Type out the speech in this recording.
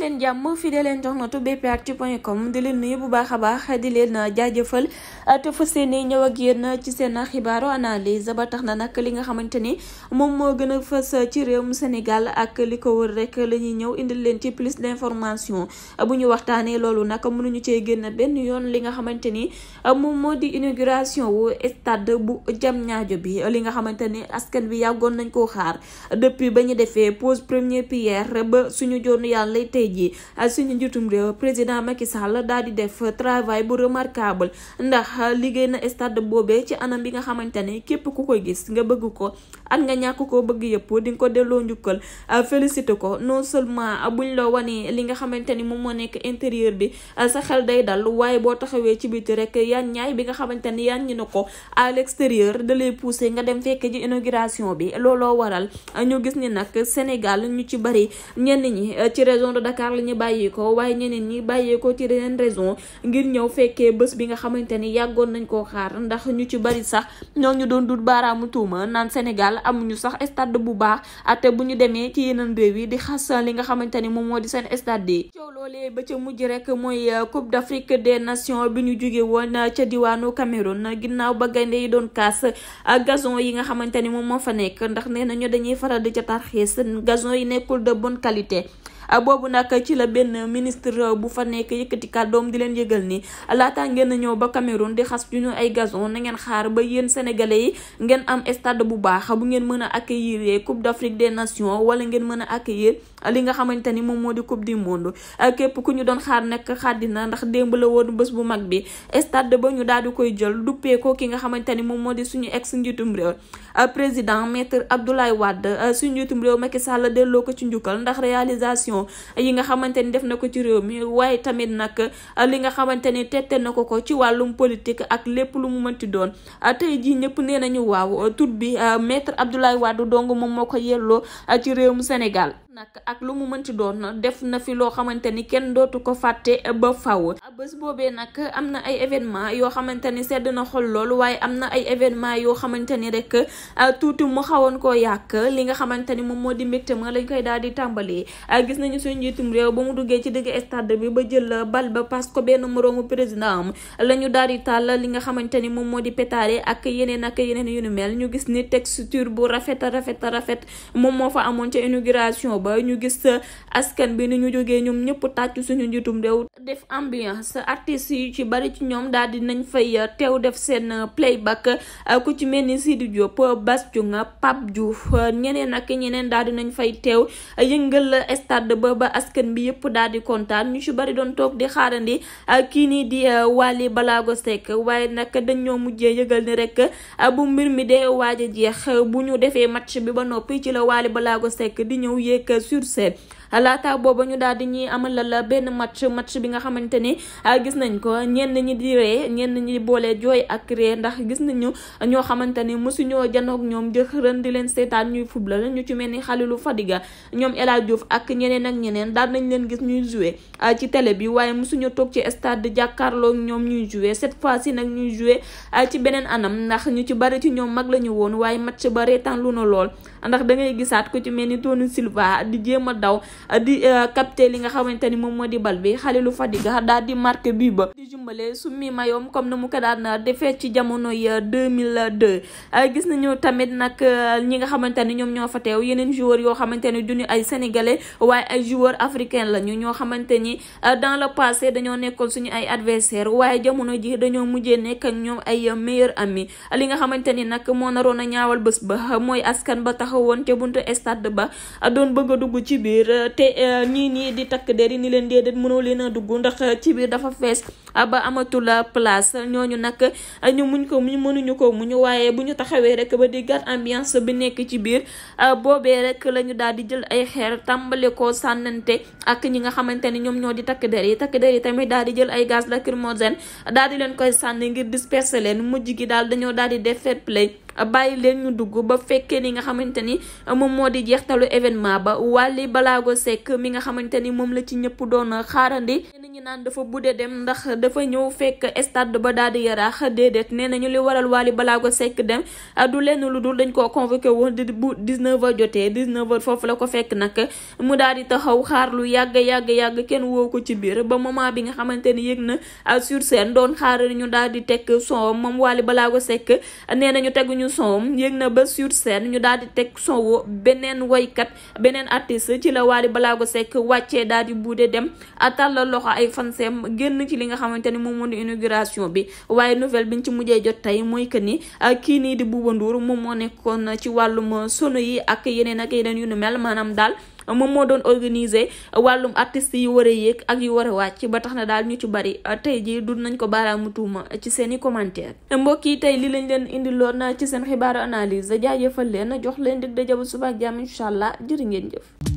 leen jàmm fi de leen jox na tu bpactu.com di leen nuyu bu baax a baax di leen jaajëfal te fas yéene ñëw ak yéen ci seen xibaaru analyse ba tax na nag li nga xamante ni moom moo gën a fës ci réew réewum Sénégal ak li ko wër rek lañuy ñëw indil leen ci plus d'information bu ñu waxtaanee loolu nag mënuñu cee génn benn yoon li nga xamante ni moom moo di inauguration wu stade bu jam Diamniadio bi li nga xamante ni askan bi yàggoon nañ koo xaar depuis ba ñu defee pose première pierre ba jii suñu njiitum réew président Macky Sall daal di def travail bu remarquable ndax liggéey na stade boobee ci anam bi nga xamante ne képp ku ko gis nga bëgg ko at nga ñàkk koo bëgg yëpp di nga ko delloo njukkal félicité ko non seulement buñ la wanee li nga xamante ni moom moo nekk intérieur bi sa xel day dal waaye boo taxawee ci biti rek yan ñaay bi nga xamante ni yan ñi ko à l'extérieur da lay pousser nga dem fekk ji inauguration bi looloo waral ñu gis ni Dakar ñu bàyyee ko waaye ñeneen ñi bàyyee ko ci yeneen raison ngir ñëw fekkee bés bi nga xamante ni yàggoon nañ koo xaar ndax ñu ci bari sax ñoo ñu doon dut baaraamu naan Sénégal amuñu sax stade bu baax ate bu ñu demee ci yeneen réew yi di xas li nga xamante ni moom moo di seen stade yi coow loolee ba ca mujj rek mooy euh, Coupe d'Afrique des Nations bi ñu jóge woon euh, ca diwaanu Cameroun ginnaaw ba gaynde yi doon kaas euh, gazon yi nga xamante ni moom moo fa nekk ndax nee na dañuy faral di ca tarxiis gazon yi nekkul de bon qualité boobu nag ci la benn ministre bu fa nekk yëkkati kàddoom di leen yëgal ni laata ngeen ñëw ba Cameroun di xas ñu ay gazon nangeen xaar ba yéen sénégalais yi ngeen am stade bu baax bu ngeen mën a accueillir coupe d'Afrique des nations wala ngeen mën a accueillir li nga xamante ni moom moo di coupe du monde képp ku ñu doon xaar nag xàddina ndax démb la woon bés bu mag bi stade ba ñu daal di koy jël duppeekoo ki nga xamante ni moom moo di suñu ex njiitum réew président maître Abdoulaye Wade suñu njiitum réew Macky Sall delloo ko ci njukkal ndax réalisation yi nga xamante ni def na ko ci réew mi waaye tamit nag ah, li nga xamante ni tette na ko ko ci wàllum politik ak lépp lu mu mënti doon ah, tey jii ñëpp nee nañu waaw tur bi ah, maître Abdoulaye Wade dong moom moo ko yelloo ci mu Sénégal nag ak lu mu mënti doon def na fi loo xamante ni kenn dootu ko fàtte ba faw bés boobee nag am na ay événement yoo xamante ni sedd na xol lool waaye am na ay événement yoo xamante ni rek ah, tuuti mu xawoon koo yàq li nga xamante ni moom moo di mbégte ma lañ koy daal di tàmbalee ah, gis nañu suñu njiitum réew ba mu duggee ci digg stade ba jël bal parce que benn moroomu président am ñu daal di tàll li nga xamante ni moom moo di pétare ak yeneen ak yeneen yu nu mel ñu gis ni texture bu rafet rafet rafet moom moo fa amoon ca inauguration ba ñu gis askan bi ni ñu jógee ñoom ñëpp tàccu suñu njiitum réew def ambiance artistes yu ci bari ci ñoom daal di nañ fay teew def seen playback ku ci mel ni Sidi Diop Bass Thioung Pape Diouf ñeneen ak ñeneen daal di nañ fay teew yëngal stade ba ba askan bi yëpp daal di kontaan ñu ci bari doon toog di xaarandi kii nii di eh, Wally Balago Seck waaye nag dañoo mujjee yëgal ni rek bu mbir mi dee waaj a jeex bu ñu defee match bi ba noppi ci la Wally Balago Seck di ñëw yéeg sur scène laata booba ñu daal di ñuy amal la benn match match bi nga xamante ni ah, gis nañ ko ñenn ñi di ree ñenn ñi boole jooy ak ree ndax gis nañu ñoo xamante ni mosuñoo janoog ñoom jëxërën di leen seetaan ñuy la ñu ci mel ni Khalilou Fadiga ñoom El Hadj ak ñeneen ak ñeneen daal nañ leen gis ñuy joué ah, ci télé bi waaye mosuñu toog ci stade jàkkaarloo ñoom ñuy joué cette fois ci nag ñuy joué ah, ci beneen anam ndax ñu ci bari ci ñoom mag la ñu woon waaye match ba reetaan lu na lool ndax da ngay gisaat ku ci mel ni Tony Silva di jéem a daw Euh, di euh, capté li nga xamante ni moom moo di bal bi Khalilou Fadiga daal di marqué bi ba di jumbale summi mayoom comme na mu ko daan euh, defee ci jamono yi 2002 gis nañu tamit nag ñi nga xamante ni ñoom ñoo fa teew yeneen joueurs yoo xamante ni duñu ay sénégalais waaye ay joueurs africains lañu ñoo xamante ni dans le passé dañoo nekkoon suñu ay adversaires waaye jamono ji dañoo mujjee nekk ñoom ay meilleurs ami li nga xamante ni nag moo naroon a ñaawal bés ba mooy askan ba taxawoon ca buntu stade ba doon bëgg dugg ci biir te eh, ñii nii di takk der yi ni leen déedéet mënoo leen a dugg ndax eh, ci biir dafa fees ah, ba amatul ah, place ñooñu nag eh, ñu muñ ko muñ mënuñu ko muñu waaye bu ñu taxawee rek ba di gàtt ambiance bi nekk ci biir ah, boobee rek la ñu daal di jël ay xeer tàmbale ko sànnante ak ñi nga xamante ni ñoom ñoo di takk der yi takk der yi tamit daal di jël ay gaz lacrymogène daal di leen koy sànni ngir disperser leen mujj gi daal dañoo daal di def fair play bàyyi leen ñu dugg ba fekkee ni nga xamante ni uh, moom moo di jeextalu événement ba Wally Ballago Seck mi nga xamante ni moom la ci ñëpp doon xaarandi ñenn ñi naan dafa budde dem ndax dafa ñëw fekk stade ba daal di yaraax déedéet nee nañu li waral Wally Ballago Seck dem uh, du lenn lu dul dañ koo convoqué woon di bu 19h jotee 19h foofu la ko fekk nag mu daal di taxaw xaar lu yàgg yàgg yàgg kenn woo ko ci biir ba moment bi nga xamante ni yëg na uh, sur scène doon xaar ñu daal di teg son moom Wally Ballago Seck nee nañu tegu nañu sonam yéeg na ba sur scène ñu daal di teg sonwo beneen woykat beneen artiste ci la waa Wally Ballago Seck wàccee daal di buude dem tàllal loxo ay fanseem génn ci li nga xamante ni moom moo di inauguration bi waaye nouvelle biñ ci mujjee jot tey mooy que ni ah, kii nii di Bouba Ndour moom moo nekkoon ci wàllum sono yi ak yeneen ak yeneen yu nu mel maanaam daal moom moo doon organiser wàllum artistes yi war a yéeg ak yu war a wàcc ba tax na daal ñu ci bari euh, tey jii du nañ ko baaraamu tuuma ci seen i commentaire mbokk yi tey li lañ leen indi naa ci seen xibaaru analyse jaajëfal leen jox leen dig dajabu suba ak jàmm incha allah jërë ngeen jëf